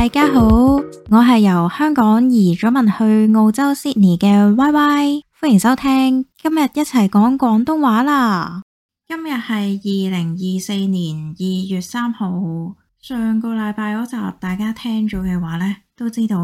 大家好，我係由香港移咗民去澳洲 Sydney 嘅 Y Y，歡迎收聽，今日一齊講廣東話啦。今日係二零二四年二月三號，上個禮拜嗰集大家聽咗嘅話呢，都知道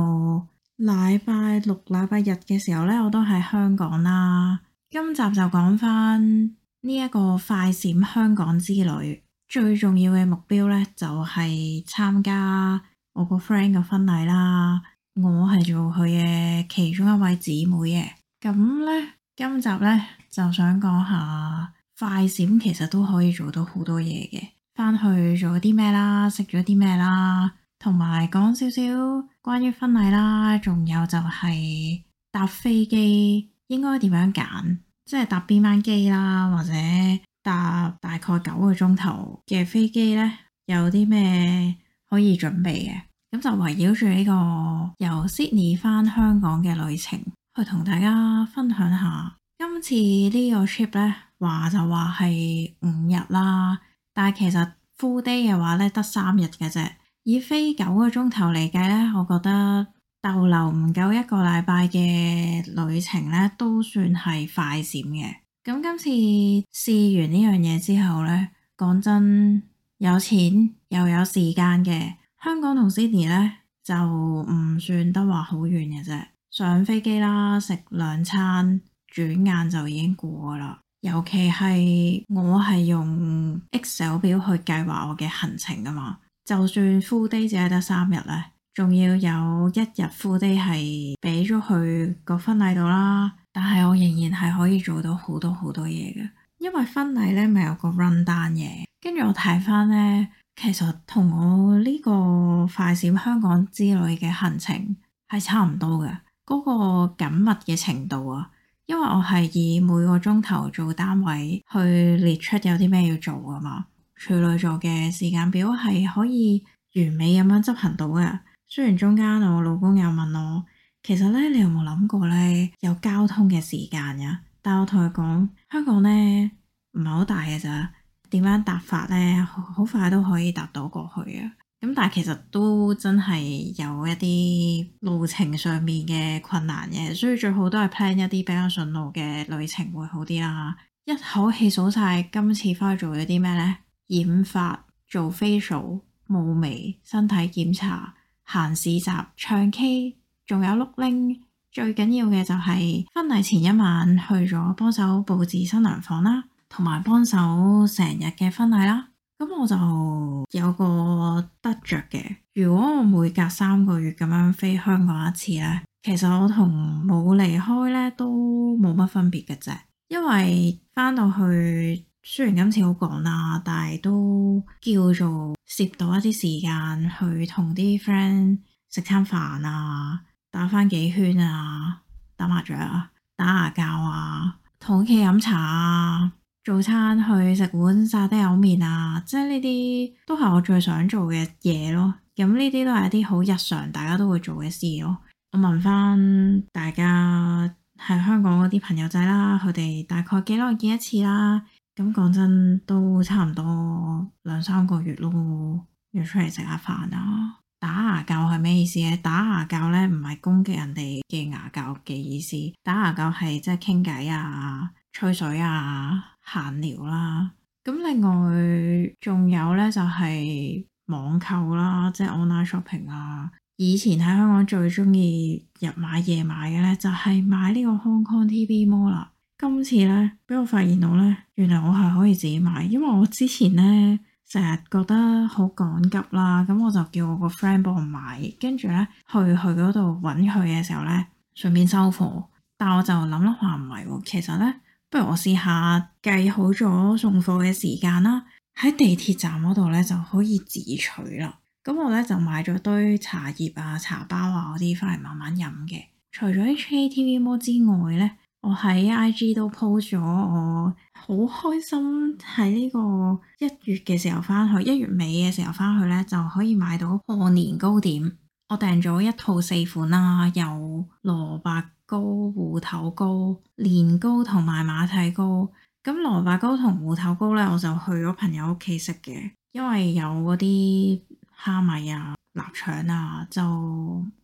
禮拜六、禮拜日嘅時候呢，我都喺香港啦。今集就講翻呢一個快閃香港之旅，最重要嘅目標呢，就係參加。我個 friend 嘅婚禮啦，我係做佢嘅其中一位姊妹嘅。咁呢，今集呢，就想講下快閃其實都可以做到好多嘢嘅。翻去做啲咩啦？食咗啲咩啦？同埋講少少關於婚禮啦，仲有就係搭飛機應該點樣揀？即係搭邊班機啦，或者搭大概九個鐘頭嘅飛機呢？有啲咩？可以準備嘅，咁就圍繞住呢個由 Sydney 返香港嘅旅程，去同大家分享下今次呢個 trip 呢話就話係五日啦，但係其實 full day 嘅話呢得三日嘅啫。以飛九個鐘頭嚟計呢，我覺得逗留唔夠一個禮拜嘅旅程呢都算係快閃嘅。咁今次試完呢樣嘢之後呢，講真有錢。又有時間嘅，香港同悉尼咧就唔算得話好遠嘅啫。上飛機啦，食兩餐，轉眼就已經過啦。尤其係我係用 X 手錶去計劃我嘅行程噶嘛，就算 full day 只係得三日咧，仲要有一日 full day 係俾咗佢個婚禮度啦。但係我仍然係可以做到好多好多嘢嘅，因為婚禮咧咪有個 run down 嘢，跟住我睇翻咧。其實同我呢個快閃香港之旅嘅行程係差唔多嘅，嗰個緊密嘅程度啊，因為我係以每個鐘頭做單位去列出有啲咩要做噶嘛，處女座嘅時間表係可以完美咁樣執行到嘅。雖然中間我老公又問我，其實呢，你有冇諗過呢？有交通嘅時間呀、啊？但我同佢講，香港呢，唔係好大嘅咋。點樣搭法呢？好快都可以搭到過去啊！咁但係其實都真係有一啲路程上面嘅困難嘅，所以最好都係 plan 一啲比較順路嘅旅程會好啲啦。一口氣數晒今次翻去做咗啲咩呢？染髮、做 facial、霧眉、身體檢查、行市集、唱 K，仲有碌鈴。最緊要嘅就係婚禮前一晚去咗幫手佈置新娘房啦。同埋幫手成日嘅婚禮啦，咁我就有個得着嘅。如果我每隔三個月咁樣飛香港一次呢，其實我同冇離開呢都冇乜分別嘅啫。因為翻到去雖然今次好趕啦，但係都叫做攝到一啲時間去同啲 friend 食餐飯啊，打翻幾圈啊，打麻雀啊，打牙鉸啊，同屋企飲茶啊。早餐去食碗沙爹牛麵啊，即係呢啲都係我最想做嘅嘢咯。咁呢啲都係一啲好日常，大家都會做嘅事咯。我問翻大家喺香港嗰啲朋友仔啦，佢哋大概幾耐見一次啦？咁講真都差唔多兩三個月咯，約出嚟食下飯啊！打牙骹係咩意思咧？打牙骹咧唔係攻擊人哋嘅牙骹嘅意思，打牙骹係即係傾偈啊、吹水啊。閒聊啦，咁另外仲有咧就係、是、網購啦，即係 online shopping 啦。以前喺香港最中意日買夜買嘅咧，就係、是、買呢個 Hong Kong TV mall 啦。今次咧，俾我發現到咧，原來我係可以自己買，因為我之前咧成日覺得好趕急啦，咁我就叫我個 friend 幫我買，跟住咧去去嗰度揾佢嘅時候咧，順便收貨。但我就諗諗，話唔係喎，其實咧。不如我試下計好咗送貨嘅時間啦，喺地鐵站嗰度咧就可以自取啦。咁我咧就買咗堆茶葉啊、茶包啊嗰啲翻嚟慢慢飲嘅。除咗 HKTV Mall 之外咧，我喺 IG 都 po 咗。我好開心喺呢個一月嘅時候翻去，一月尾嘅時候翻去咧就可以買到過年糕點。我訂咗一套四款啊，有蘿蔔。糕芋頭糕、年糕同埋馬蹄糕，咁蘿蔔糕同芋頭糕咧，我就去咗朋友屋企食嘅，因為有嗰啲蝦米啊、臘腸啊，就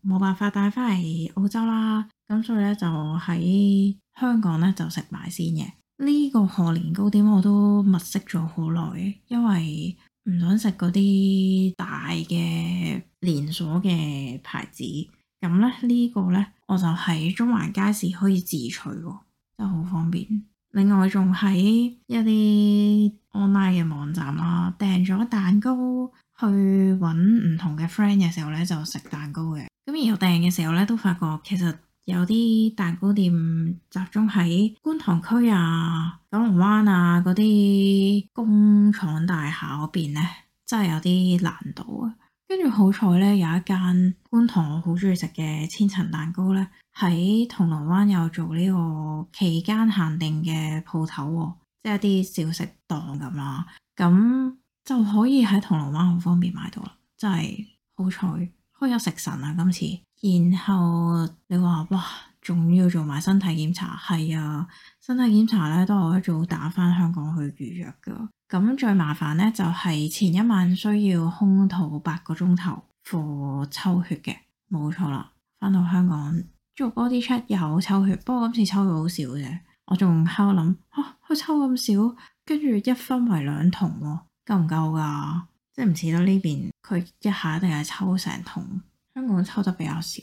冇辦法帶翻嚟澳洲啦，咁所以咧就喺香港咧就食埋先嘅。呢個賀年糕點我都物色咗好耐，因為唔想食嗰啲大嘅連鎖嘅牌子。咁咧呢個咧，我就喺中環街市可以自取喎，真係好方便。另外仲喺一啲 online 嘅網站啦、啊，訂咗蛋糕去揾唔同嘅 friend 嘅時候咧，就食蛋糕嘅。咁然後訂嘅時候咧，都發覺其實有啲蛋糕店集中喺觀塘區啊、九龍灣啊嗰啲工廠大廈嗰邊咧，真係有啲難度啊！跟住好彩咧，有一間觀塘我好中意食嘅千層蛋糕咧，喺銅鑼灣有做呢個期間限定嘅鋪頭，即係一啲小食檔咁啦，咁就可以喺銅鑼灣好方便買到啦，真係好彩，開有食神啊今次。然後你話哇～仲要做埋身體檢查，係啊，身體檢查咧都係我一早打翻香港去預約嘅。咁最麻煩咧就係、是、前一晚需要空肚八個鐘頭 for 抽血嘅，冇錯啦。翻到香港做 body check 有抽血，不過今次抽到好少嘅，我仲喺度諗佢抽咁少，跟住一分為兩桶，夠唔夠㗎？即係唔似得呢邊佢一下定係抽成桶，香港抽得比較少。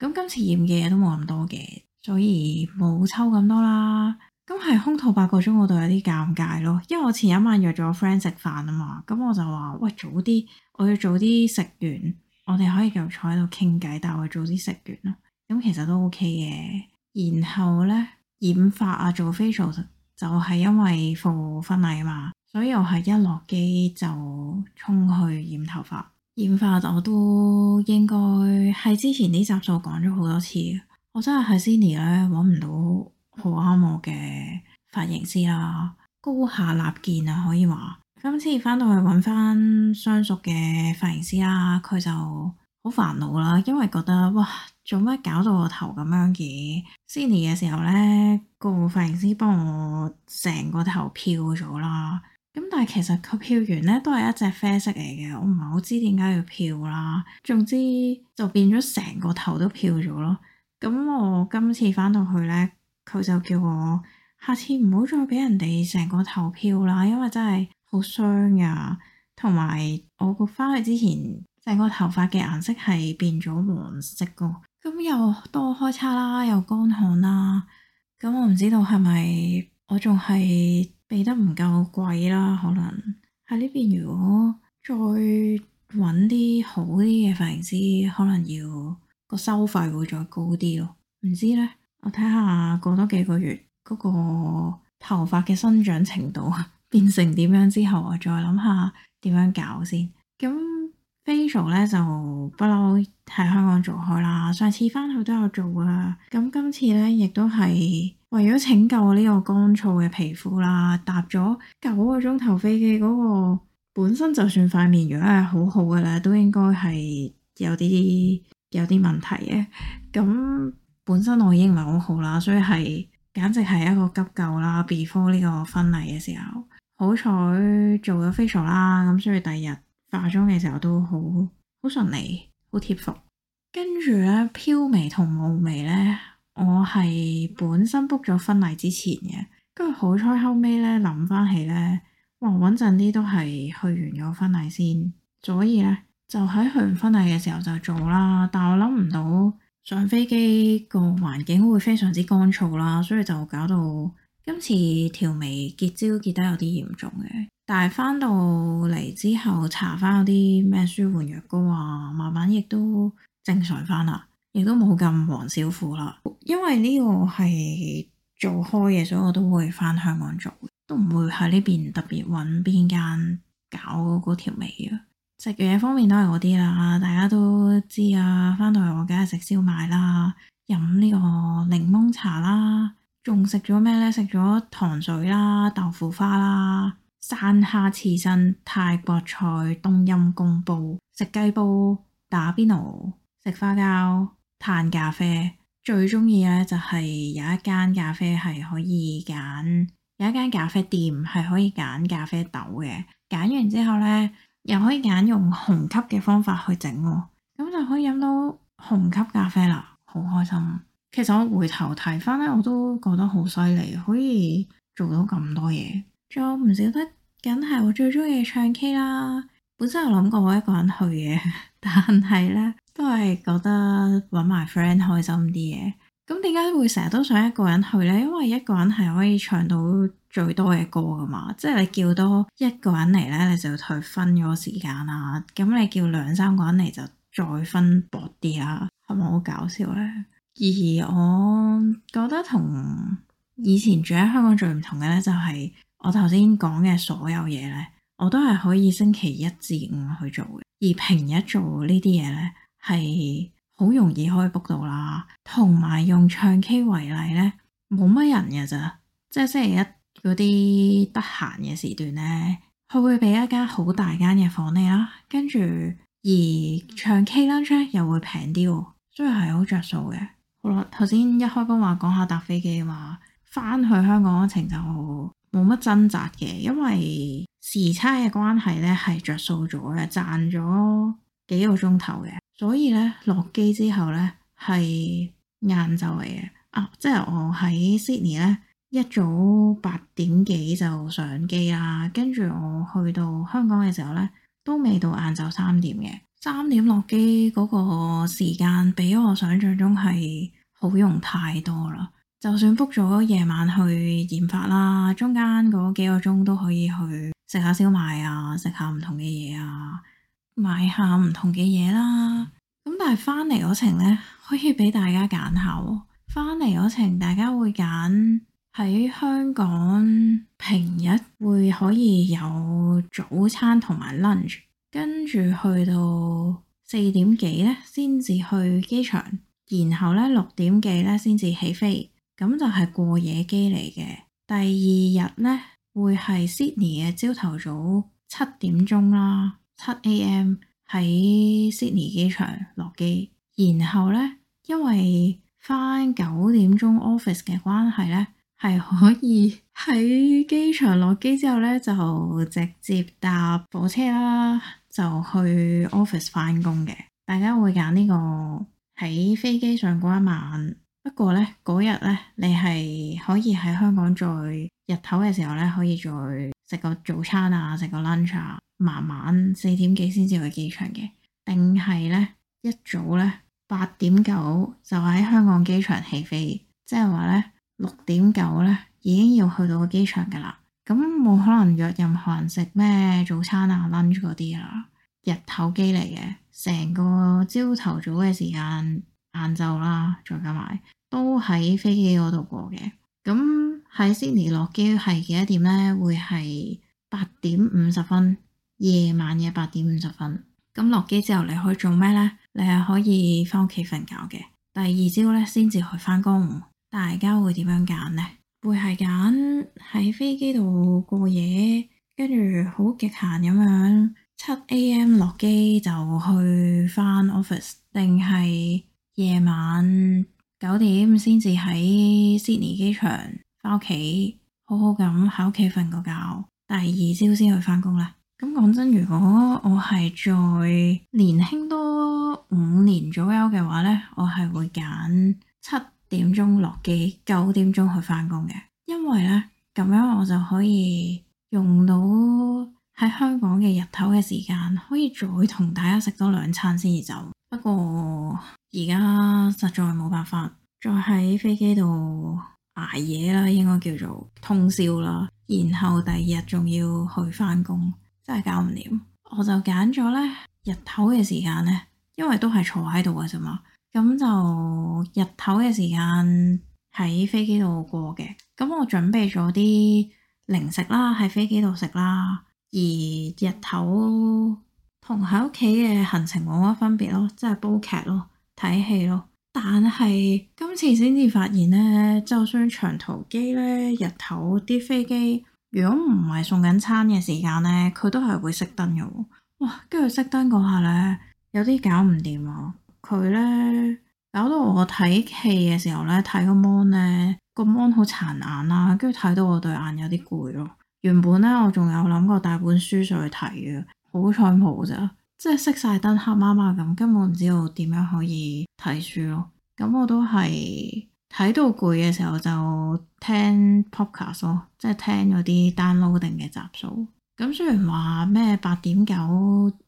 咁今次染嘅嘢都冇咁多嘅，所以冇抽咁多啦。咁係空肚八個鐘，嗰度有啲尷尬咯，因為我前一晚約咗 friend 食飯啊嘛，咁我就話喂，早啲，我要早啲食完，我哋可以繼續坐喺度傾偈，但我要早啲食完啦，咁其實都 OK 嘅。然後呢，染髮啊，做 facial 就係因為赴婚禮嘛，所以又係一落機就沖去染頭髮。染髮我都應該係之前呢集就講咗好多次，我真係喺 Sydney 咧，搵唔到好啱我嘅髮型師啦，高下立見啊可以話。今次翻到去搵翻相熟嘅髮型師啦，佢就好煩惱啦，因為覺得哇做乜搞到我頭，那個、我個頭咁樣嘅。Sydney 嘅時候咧，個髮型師幫我成個頭漂咗啦。咁但係其實佢漂完咧都係一隻啡色嚟嘅，我唔係好知點解要漂啦。總之就變咗成個頭都漂咗咯。咁我今次翻到去咧，佢就叫我下次唔好再俾人哋成個頭漂啦，因為真係好傷呀。同埋我個翻去之前，成個頭髮嘅顏色係變咗黃色噶。咁又多開叉啦，又乾旱啦。咁我唔知道係咪我仲係。俾得唔夠貴啦，可能喺呢邊如果再揾啲好啲嘅髮型師，可能要個收費會再高啲咯。唔知呢？我睇下過多幾個月嗰個頭髮嘅生長程度變成點樣之後，我再諗下點樣搞先。咁。Facial 咧就不嬲喺香港做開啦，上次翻去都有做啦，咁今次咧亦都係為咗拯救呢個乾燥嘅皮膚啦，搭咗九個鐘頭飛機嗰個本身就算塊面如果係好好嘅咧，都應該係有啲有啲問題嘅，咁本身我已經唔係好好啦，所以係簡直係一個急救啦，before 呢個婚禮嘅時候，好彩做咗 facial 啦，咁所以第二日。化妝嘅時候都好好順利，好貼服。跟住咧，飄眉同霧眉咧，我係本身 book 咗婚禮之前嘅，跟住好彩後尾咧諗翻起咧，哇穩陣啲都係去完咗婚禮先，所以咧就喺去完婚禮嘅時候就做啦。但係我諗唔到上飛機個環境會非常之乾燥啦，所以就搞到今次條眉結焦結得有啲嚴重嘅。但係翻到嚟之後，搽翻嗰啲咩舒緩藥膏啊，慢慢亦都正常翻啦，亦都冇咁黃少婦啦。因為呢個係做開嘢，所以我都會翻香港做，都唔會喺呢邊特別揾邊間搞嗰條眉啊。食嘅嘢方面都係嗰啲啦，大家都知啊。翻到嚟我梗係食燒賣啦，飲呢個檸檬茶啦，仲食咗咩呢？食咗糖水啦，豆腐花啦。山蝦刺身、泰國菜、冬陰公煲、食雞煲、打邊爐、食花膠、嘆咖啡，最中意咧就係有一間咖啡係可以揀，有一間咖啡店係可以揀咖啡豆嘅，揀完之後咧又可以揀用虹吸嘅方法去整，咁就可以飲到虹吸咖啡啦，好開心。其實我回頭睇翻咧，我都覺得好犀利，可以做到咁多嘢。仲唔少得梗係我最中意唱 K 啦。本身我諗過我一個人去嘅，但係咧都係覺得搵埋 friend 開心啲嘅。咁點解會成日都想一個人去呢？因為一個人係可以唱到最多嘅歌噶嘛。即係你叫多一個人嚟呢，你就去分咗時間啦。咁你叫兩三個人嚟就再分薄啲啦，係咪好搞笑呢？而我覺得同以前住喺香港最唔同嘅呢，就係、是。我頭先講嘅所有嘢呢，我都係可以星期一至五去做嘅。而平日做呢啲嘢呢，係好容易可以 book 到啦。同埋用唱 K 為例呢，冇乜人嘅咋，即係星期一嗰啲得閒嘅時段呢，佢會俾一間好大間嘅房間你啦。跟住而唱 K lunch 又會平啲喎，所以係好着數嘅。好啦，頭先一開工話講下搭飛機啊嘛，翻去香港程就～冇乜掙扎嘅，因為時差嘅關係咧，係着數咗嘅，賺咗幾個鐘頭嘅，所以咧落機之後咧係晏晝嚟嘅。啊，即係我喺 Sydney 咧一早八點幾就上機啦，跟住我去到香港嘅時候咧都未到晏晝三點嘅，三點落機嗰個時間比我想像中係好用太多啦。就算 book 咗夜晚去研發啦，中間嗰幾個鐘都可以去食下燒賣啊，食下唔同嘅嘢啊，買下唔同嘅嘢啦。咁但係翻嚟嗰程呢，可以俾大家揀下喎。翻嚟嗰程，大家會揀喺香港平日會可以有早餐同埋 lunch，跟住去到四點幾呢先至去機場，然後呢六點幾呢先至起飛。咁就係過夜機嚟嘅。第二日呢，會係 Sydney 嘅朝頭早七點鐘啦，七 A.M. 喺 Sydney 機場落機。然後呢，因為返九點鐘 office 嘅關係呢，係可以喺機場落機之後呢，就直接搭火車啦，就去 office 返工嘅。大家會揀呢個喺飛機上過一晚。不過咧，嗰日咧，你係可以喺香港再日頭嘅時候咧，可以再食個早餐啊，食個 lunch 啊，慢慢四點幾先至去機場嘅，定係咧一早咧八點九就喺香港機場起飛，即係話咧六點九咧已經要去到個機場噶啦，咁冇可能約任何人食咩早餐啊 lunch 嗰啲啊，日頭機嚟嘅，成個朝頭早嘅時間。晏晝啦，再加埋都喺飛機嗰度過嘅。咁喺 Sydney 落機係幾多點咧？會係八點五十分，夜晚嘅八點五十分。咁落機之後你可以做咩呢？你係可以翻屋企瞓覺嘅。第二朝呢，先至去翻工。大家會點樣揀呢？會係揀喺飛機度過夜，跟住好極限咁樣七 A.M. 落機就去翻 office，定係？夜晚九點先至喺 Sydney 機場翻屋企，好好咁喺屋企瞓個覺，第二朝先去翻工啦。咁講真，如果我係再年輕多五年左右嘅話呢，我係會揀七點鐘落機，九點鐘去翻工嘅，因為呢，咁樣我就可以用到喺香港嘅日頭嘅時間，可以再同大家食多兩餐先至走。而家實在冇辦法，再喺飛機度挨夜啦，應該叫做通宵啦。然後第二日仲要去返工，真係搞唔掂。我就揀咗呢日頭嘅時間呢，因為都係坐喺度嘅啫嘛。咁就日頭嘅時間喺飛機度過嘅。咁我準備咗啲零食啦，喺飛機度食啦。而日頭，同喺屋企嘅行程冇乜分別咯，即係煲劇咯、睇戲咯。但係今次先至發現呢，就算我長途機呢，日頭啲飛機如果唔係送緊餐嘅時間呢，佢都係會熄燈嘅喎。哇！跟住熄燈嗰下呢，有啲搞唔掂啊。佢呢，搞到我睇戲嘅時候呢，睇個 mon 呢，個 mon 好殘眼啦，跟住睇到我對眼有啲攰咯。原本呢，我仲有諗過帶本書上去睇嘅。好彩冇咋，即係熄晒燈，黑麻麻咁，根本唔知道點樣可以睇書咯。咁我都係睇到攰嘅時候就聽 podcast 咯，即係聽嗰啲 download 定嘅集數。咁雖然話咩八點九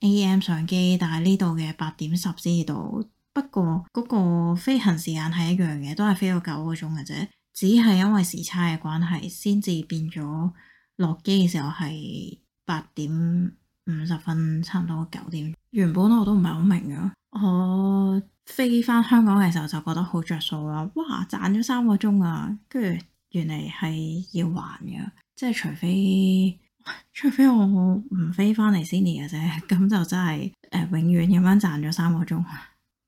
a.m. 上機，但係呢度嘅八點十先至到。不過嗰個飛行時間係一樣嘅，都係飛到九個鐘嘅啫。只係因為時差嘅關係，先至變咗落機嘅時候係八點。五十分差唔多九點，原本我都唔係好明嘅，我飛翻香港嘅時候就覺得好着數啦，哇賺咗三個鐘啊，跟住原嚟係要還嘅，即係除非除非我唔飛翻嚟 Sydney 嘅啫，咁就真係誒、呃、永遠有翻賺咗三個鐘，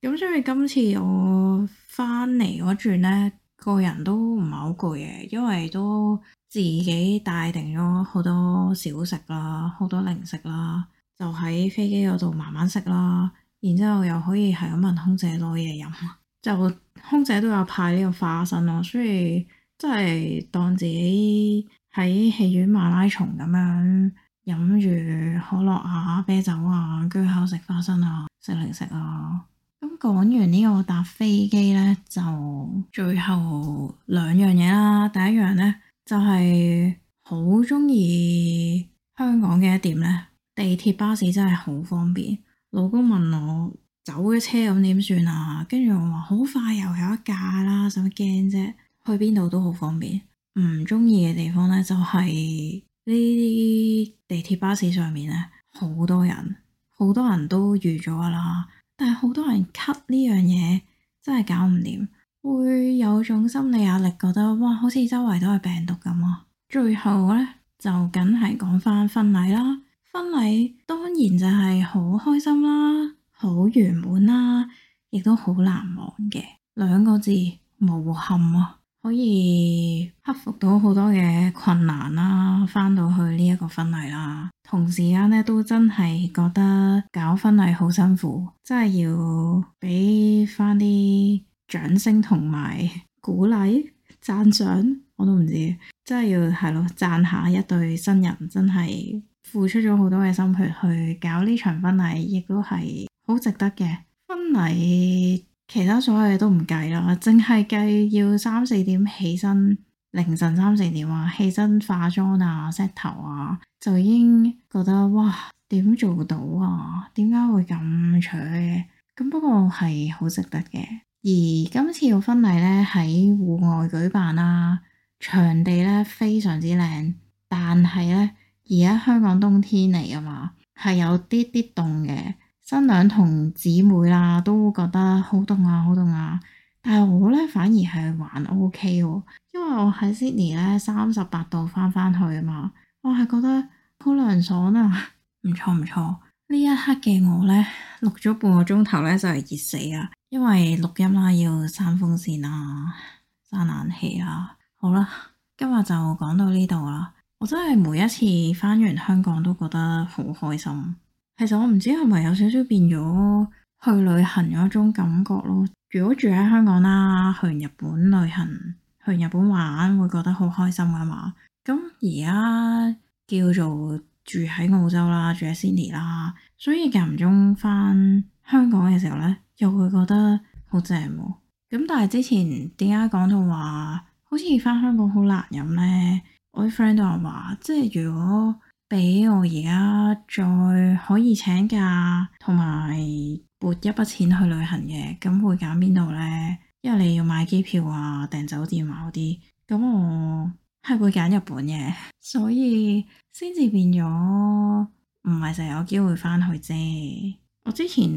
咁所以今次我翻嚟嗰轉呢，個人都唔係好攰嘅，因為都。自己帶定咗好多小食啦，好多零食啦，就喺飛機嗰度慢慢食啦。然之後又可以係咁問空姐攞嘢飲，就空姐都有派呢個花生咯。所以真係當自己喺戲院馬拉松咁樣飲住可樂啊、啤酒啊，跟住又食花生啊、食零食啊。咁講完呢個搭飛機呢，就最後兩樣嘢啦。第一樣呢。就係好中意香港嘅一點呢，地鐵巴士真係好方便。老公問我走咗車咁點算啊？跟住我話好快又有一架啦，使乜驚啫？去邊度都好方便。唔中意嘅地方呢、就是，就係呢啲地鐵巴士上面呢，好多人，好多人都預咗啦，但係好多人 cut 呢樣嘢真係搞唔掂。會有種心理壓力，覺得哇，好似周圍都係病毒咁啊。最後呢，就梗係講翻婚禮啦。婚禮當然就係好開心啦，好圓滿啦，亦都好難忘嘅。兩個字無憾啊，可以克服到好多嘅困難啦，翻到去呢一個婚禮啦。同時間呢，都真係覺得搞婚禮好辛苦，真係要俾翻啲。掌聲同埋鼓勵讚賞，我都唔知，真係要係咯讚下一對新人，真係付出咗好多嘅心血去搞呢場婚禮，亦都係好值得嘅。婚禮其他所有嘢都唔計啦，淨係計要三四點起身，凌晨三四點啊，起身化妝啊、set 頭啊，就已經覺得哇，點做到啊？點解會咁搶嘅？咁不過係好值得嘅。而今次嘅婚禮咧，喺戶外舉辦啦，啊，場地咧非常之靚，但係咧而家香港冬天嚟啊嘛，係有啲啲凍嘅。新娘同姊妹啦都覺得好凍啊，好凍啊！但係我咧反而係還 OK 喎，因為我喺 Sydney 咧三十八度返返去啊嘛，我係覺得好涼爽啊，唔錯唔錯。呢一刻嘅我呢，錄咗半個鐘頭呢，就係熱死啊，因為錄音啦要閂風扇啊，閂冷氣啊。好啦，今日就講到呢度啦。我真係每一次翻完香港都覺得好開心。其實我唔知係咪有少少變咗去旅行嗰種感覺咯。如果住喺香港啦，去日本旅行，去日本玩會覺得好開心啊嘛。咁而家叫做。住喺澳洲啦，住喺悉尼啦，所以間唔中返香港嘅時候呢，又會覺得好正喎。咁但係之前點解講到話好似返香港好難飲呢？我啲 friend 都話，即係如果畀我而家再可以請假同埋撥一筆錢去旅行嘅，咁會揀邊度呢？因為你要買機票啊、訂酒店啊嗰啲，咁我，係會揀日本嘅，所以先至變咗唔係成日有機會返去啫。我之前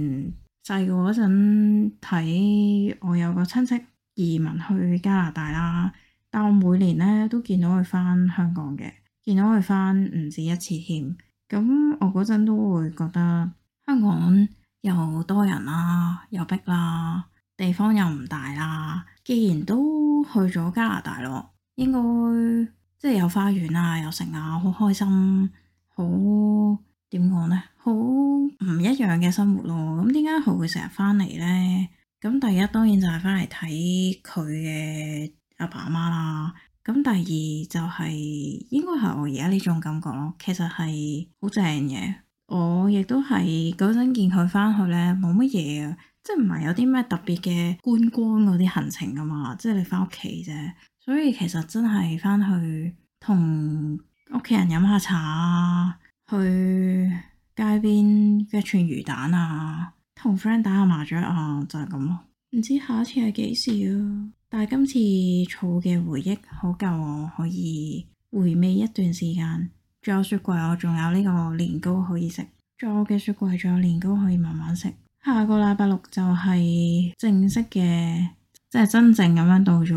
細個嗰陣睇我有個親戚移民去加拿大啦，但我每年呢都見到佢返香港嘅，見到佢返唔止一次添。咁我嗰陣都會覺得香港又多人啦，又逼啦，地方又唔大啦。既然都去咗加拿大咯～應該即係有花園啊，有城啊，好開心、啊，好點講呢？好唔一樣嘅生活咯、啊。咁點解佢會成日翻嚟呢？咁第一當然就係翻嚟睇佢嘅阿爸阿媽啦。咁第二就係、是、應該係我而家呢種感覺咯、啊。其實係好正嘅。我亦都係嗰陣見佢翻去呢，冇乜嘢，即係唔係有啲咩特別嘅觀光嗰啲行程噶、啊、嘛？即係你翻屋企啫。所以其實真係返去同屋企人飲下茶啊，去街邊一串魚蛋啊，同 friend 打下麻雀啊，就係咁咯。唔知下一次係幾時啊？但係今次儲嘅回憶好夠，我可以回味一段時間。仲有雪櫃，我仲有呢個年糕可以食。仲有嘅雪櫃，仲有年糕可以慢慢食。下個禮拜六就係正式嘅。即係真正咁樣到咗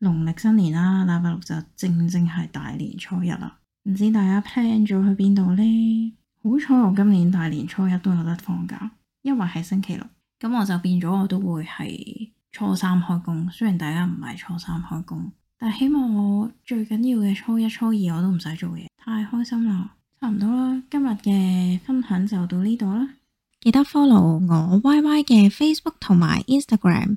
農曆新年啦，禮拜六就正正係大年初一啦。唔知大家 plan 咗去邊度呢？好彩我今年大年初一都有得放假，因為係星期六，咁我就變咗我都會係初三開工。雖然大家唔係初三開工，但係希望我最緊要嘅初一、初二我都唔使做嘢，太開心啦！差唔多啦，今日嘅分享就到呢度啦。記得 follow 我 Y Y 嘅 Facebook 同埋 Instagram。